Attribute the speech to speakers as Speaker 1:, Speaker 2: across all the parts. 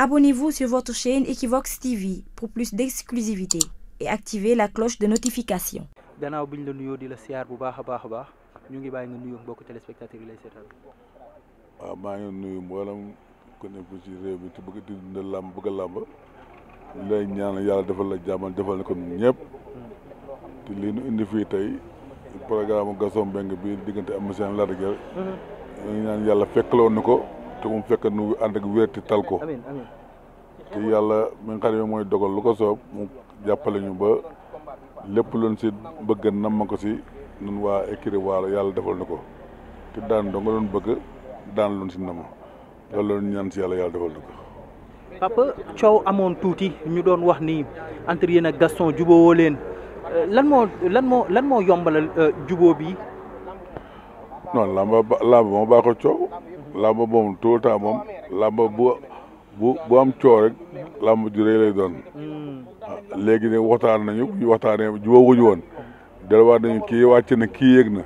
Speaker 1: Abonnez-vous la cloche de notification.
Speaker 2: gannaaw bi ñu la nuyoo di la siyaar bu baax a baax a baax ñu ngi bàyyi nga nuyoo mbokk téléspectateur yi lay seetaan.
Speaker 1: waaw maa ngi nuyu mboolem ku nekk ci réew mi te bëgg di dundal làmb bëgg a làmb lay ñaan yàlla defal la jàmmal defal na ko ñëpp te lii nu indi fii tey programme Gaston Mbengue bi diggante am na seen laaj ñaan yàlla fekkloo na ko. te mu fekk nu ànd ak wérti tal ko te yàlla mi nga mooy dogal lu ko soob mu jàppale ñu ba lépp luñ si bëgg nam ma ko si nun waa écri waalo yàlla defal na ko te daan doo nga doon bëgg daan luñ si nam loolu la ñaan si yàlla yàlla defal na
Speaker 2: ko coow amoon tuuti ñu doon wax ni entre yéen ak Gaston jubóowoo leen euh, lan moo lan moo lan yombalal euh, jubóo bi
Speaker 1: non lamba lamba moo baaxoo coow làmb moom tout le temps moom làmb bu bu bu am coow rek làmb ju rëy lay doon hmm. léegi ne waxtaan nañu bu ñu waxtaanee jubóowuñu woon delluwaat nañu kii wàcc na kii yéeg na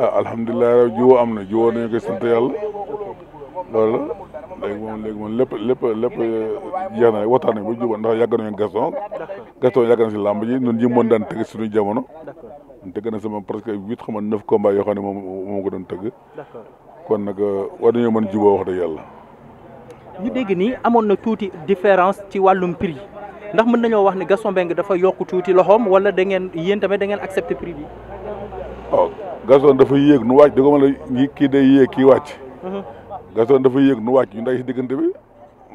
Speaker 1: ah alhamdulilah raw jiwoo am na jiwoo nañu koy sant yàlla loolu la léegi moom léegi moom lépp lépp lépp jeex na rek waxtaan nañu ba jubóo ndax yàgg nañu Gaston Gaston yàgg si làmb ji ñun ñi mën daan tëgg suñu jamono tëgg na sama presque huit xam neuf combats yoo xam ne moom moom ko doon tëgg kon nag euh, war nañoo mën juboo wax dëgg yàlla.
Speaker 2: ñu dégg ni amoon na tuuti différence ci wàllum prix ndax mën nañoo wax ne Gaston Mbengue dafa yokk tuuti loxoom wala da ngeen yéen tamit da ngeen accepté prix bi.
Speaker 1: waaw Gaston dafa yéeg nu wàcc da ko mën a kii day yéeg kii wàcc. Mhm. Gaston dafa yéeg nu wàcc ñu day si diggante bi.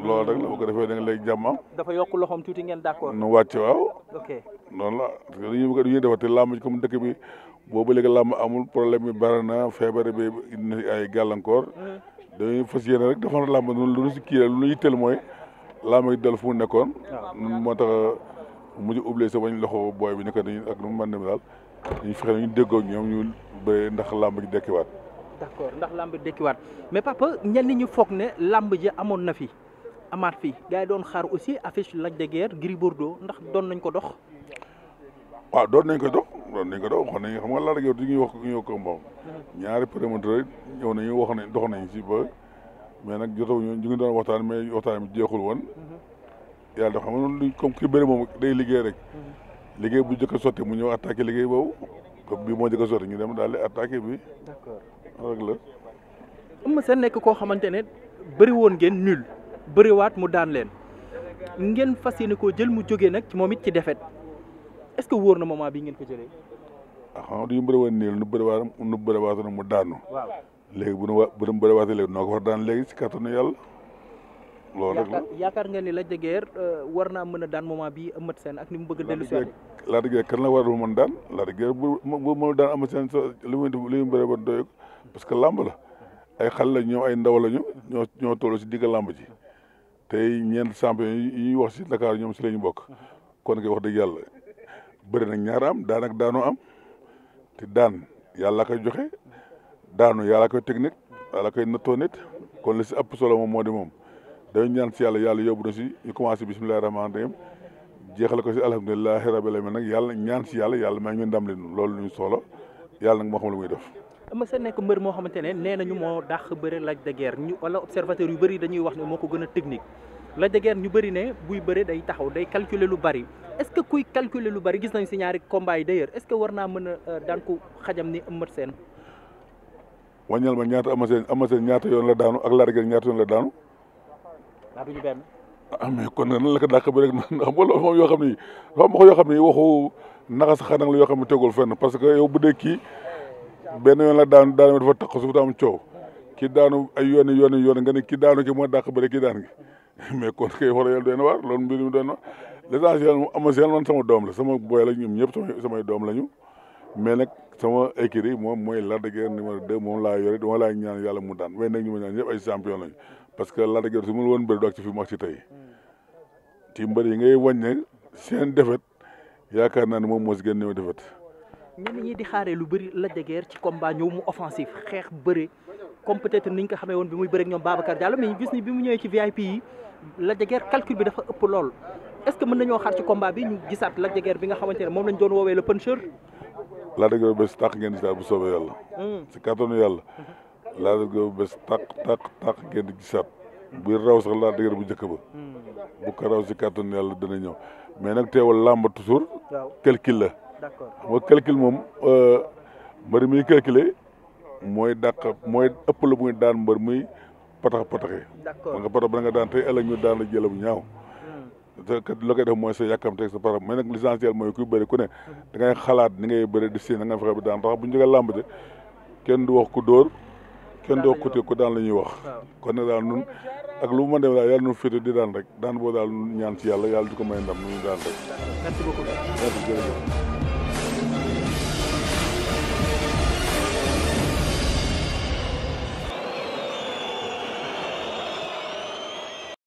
Speaker 1: loolu rek la bu ko defee da nga léegi jàmm am.
Speaker 2: dafa yokk loxoom tuuti ngeen d'accord. nu wàcc waaw. ok
Speaker 1: noonu la parce que dañuy dañuy defati làmb ji comme dëkk bi boobu léegi làmb amul problème bi bari na feebar bi indi ay gàllankoor dañuy fas yéene rek defar làmb noonu lu ñu si kii lu ñu yitteel mooy làmb yi dal fu mu nekkoon. nun moo tax mujj oublié sa bañ loxo booy bi nekk nañu ak nu mu mën dem daal ñu fexe ñu déggoo ñoom ñu bëree ndax làmb ji dekkiwaat.
Speaker 2: d'accord ndax làmb dekkiwaat mais papa ñenn ñi foog ne làmb ji amoon na fi amaat fi gars doon xaar aussi affiche Lac de Guiers Gris Bordeaux ndax doon nañ ko dox.
Speaker 1: waaw doon nañ ko dox. problème dañ ko doon waxoon nañ xam nga Lac de Guiers di ñuy wax ku ñuy wax ko mbaam ñaari promoteur ñëw nañu wax nañ dox nañ si ba mais nag jotaw ñu ngi doon waxtaan mais waxtaan bi jeexul woon yàlla dafa xam ne comme ki bëri moom day liggéey rek liggéey bu njëkk a sotti mu ñëw attaqué liggéey boobu comme bi moo njëkk a sotti ñu dem daal di attaqué bi rek la
Speaker 2: Eumeu Sène nekk koo xamante ne
Speaker 1: bëri woon ngeen nul
Speaker 2: waat mu daan leen ngeen fas yéene koo jël mu jógee nag moom it ci defet est-ce que wóor na moment bi ngeen ko jëlee.
Speaker 1: ah xam nga bëri woon nii nu bëri nu mu daanu. waaw bu nu wa bu nu bëri waatee léegi noo ko war daan la
Speaker 2: yaakaar nga ni Lac de euh, war naa mën a daan moment bi Eumeu Sène ak mu bëgg a dellu si
Speaker 1: Lac de Guiers kan la war a mën daan Lac de Guiers bu bu daan Eumeu Sène li muy mu bëri woon doy ko parce que làmb la ay xal la ñoom ay ndaw lañu ñoo ñoo toll si digg làmb ji tey ñeent champion yi ñuy wax si Dakar ñoom si la ñu bokk kon kay wax dëgg yàlla bëri nag ñaara am daan ak am te daan yàlla koy joxe daanu yàlla koy teg nit yàlla koy nattoo nit kon li si ëpp solo moom moo di moom dañu ñaan si yàlla yàlla yóbbu na ñu commencé bisimilahi rahmaani rahim jeexal ko si alhamdulilahi rabil alamin nag yàlla ñaan si yàlla yàlla may ñu ndam loolu luñu solo yàlla nag moo xam lu muy def
Speaker 2: Eumeu Sène nekk mbër moo xamante ne nee nañu moo dàq bëre Lac de Guiers wala observateur yu bëri dañuy wax ne moo ko gën a technique Lac de ñu bëri ne buy bëre day taxaw day calculer lu bari est-ce que kuy calculer lu bari gis nañ si ñaari combat yi d'ailleurs est-ce que war na mën a euh, daan ko xajam ni Eumeu Sène
Speaker 1: wàññal ma ñaata Eumeu Sène Eumeu Sène ñaata yoon la daanu ak Lac de Guiers ñaata yoon la daanu
Speaker 2: waa
Speaker 1: ah, kon nag nan la ko dàq bëre xam nga loolu moom yoo xam ne dafa am parce que yow bu dee kii benn yoon la daanu daanu bi dafa taq suuf am coow ki daanu ay yoon yoon yoon nga ne ki daanu ki moo dàq bëri ki daan gi mais kon kay war a yàlla doy na waar loolu mbir mi doy na waar l'essentiel seen man sama doom la sama boy la ñoom ñëpp samay doom la ñu mais nag sama écurie moom mooy Lac de Guiers numéro deux moom laa yore dama laa ñaan yàlla mu daan mais nag ñu ñaan ñëpp ay champion lañu parce que Lac de Guiers su mul woon bëri du ak ci fi mu ak ci tey ci mbër yi ngay wàññe seen defet moom moo si gën néew
Speaker 2: ñenn ñi di xaaree lu bëri Lac de Guiers ci combat ñëw offensif xeex bëre comme peut-être niñ ko xamee woon bi muy bëre ak ñoom Babacar Diallo mais ñu gis bi mu ñëwee ci VIP yi Lac de bi dafa ëpp lool est-ce que mën nañoo xaar ci combat bi ñu gisaat Lac de Guiers bi nga xamante ne moom lañ doon woowee le puncheur.
Speaker 1: Lac de Guiers bés tàq ngeen gisaat bu soobee yàlla. si hmm. kattanu yàlla. Lac de bu njëkk ba. Hmm. bu ko raw si kattanu yàlla dana ñëw mais nag teewal làmb toujours. calcul la. d'accord mooy calcul moom euh, mbër muy calculer mooy dàq mooy ëpp la muy daan mbër muy potax potaxee. d'accord ba nga potax ba nga daan tey ëllëg ñu daan la jëlam ñaaw. Hmm. te kat la koy def mooy sa yàkkamteeg sa param mais nag l'essentiel mooy kuy bëri ku ne hmm. dangay xalaat ni ngay bëri di séen da nga fexe bi daan tax bu ñu jógee làmb de kenn du wax ku door kenn du wax ku te ko daan la ñuy wax kon nag daal nun ak lu mu mën dem daal yàlla nun féete di daan rek daan boo daal ñaan ci yàlla yàlla di ko may ndam nu
Speaker 2: ñu